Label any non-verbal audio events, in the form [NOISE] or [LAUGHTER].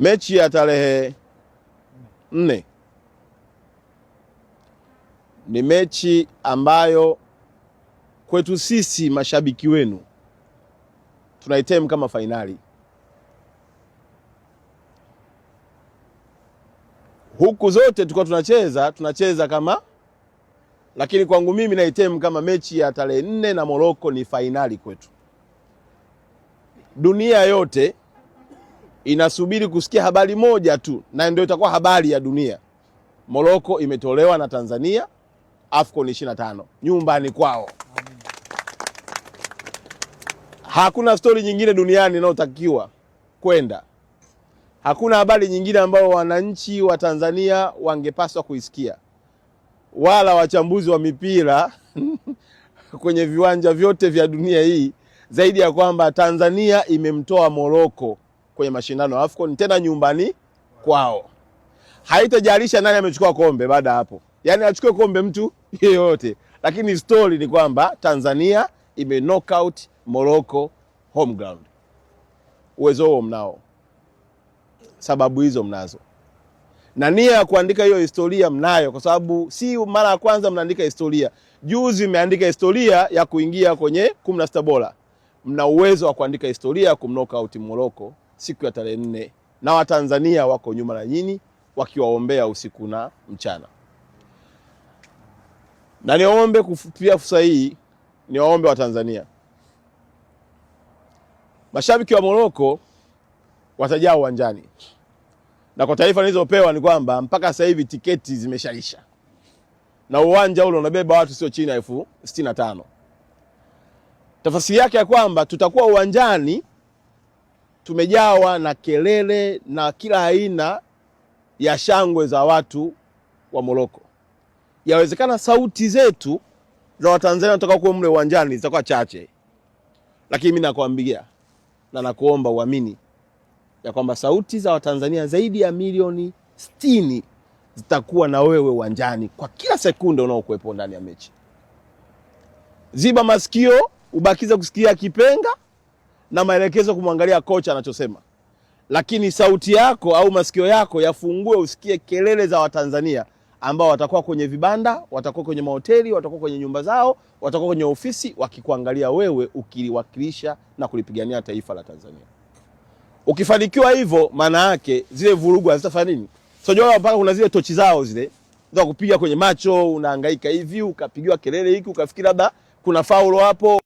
mechi ya tarehe nne ni mechi ambayo kwetu sisi mashabiki wenu tunaitem kama fainali. Huku zote tulikuwa tunacheza tunacheza kama, lakini kwangu mimi naitem kama mechi ya tarehe nne na Morocco ni fainali kwetu. Dunia yote inasubiri kusikia habari moja tu, na ndio itakuwa habari ya dunia. Moroko imetolewa na Tanzania AFCON 25 nyumbani kwao. Hakuna stori nyingine duniani inayotakiwa kwenda, hakuna habari nyingine ambayo wananchi wa Tanzania wangepaswa kuisikia, wala wachambuzi wa mipira [LAUGHS] kwenye viwanja vyote vya dunia hii, zaidi ya kwamba Tanzania imemtoa Moroko kwenye mashindano ya AFCON tena nyumbani kwao. Haitojalisha nani amechukua kombe baada hapo, Yaani achukue kombe mtu [LAUGHS] yeyote, lakini story ni kwamba Tanzania ime knockout Morocco home ground. Uwezo huo mnao, sababu hizo mnazo, na nia ya kuandika hiyo historia mnayo, kwa sababu si mara ya kwanza mnaandika historia. Juzi mmeandika historia ya kuingia kwenye 16 bora. Mna uwezo wa kuandika historia ya kumknock out Morocco siku ya tarehe nne, na Watanzania wako nyuma na nyinyi wakiwaombea usiku na mchana. Na niombe pia fursa hii, niwaombe Watanzania, mashabiki wa Moroko watajaa uwanjani, na kwa taarifa nilizopewa ni kwamba mpaka sasa hivi tiketi zimeshaisha na uwanja ule unabeba watu sio chini ya elfu sitini na tano. Tafasiri yake ya kwamba tutakuwa uwanjani tumejawa na kelele na kila aina ya shangwe za watu wa Moroko. Yawezekana sauti zetu za Watanzania wanatoka kuwa mle uwanjani zitakuwa chache, lakini mi nakwambia na nakuomba uamini ya kwamba sauti za Watanzania zaidi ya milioni sitini zitakuwa na wewe uwanjani kwa kila sekunde unaokuwepo ndani ya mechi. Ziba masikio ubakiza kusikia kipenga na maelekezo kumwangalia kocha anachosema, lakini sauti yako au masikio yako yafungue usikie kelele za Watanzania ambao watakuwa kwenye vibanda, watakuwa kwenye mahoteli, watakuwa kwenye nyumba zao, watakuwa kwenye ofisi wakikuangalia wewe ukiliwakilisha na kulipigania taifa la Tanzania. Ukifanikiwa hivyo, maana yake zile vurugu hazitafanya nini? Sijua mpaka kuna zile tochi zao zile za kupiga kwenye macho, unahangaika hivi, ukapigiwa kelele hiki, ukafikiri labda kuna faulo hapo.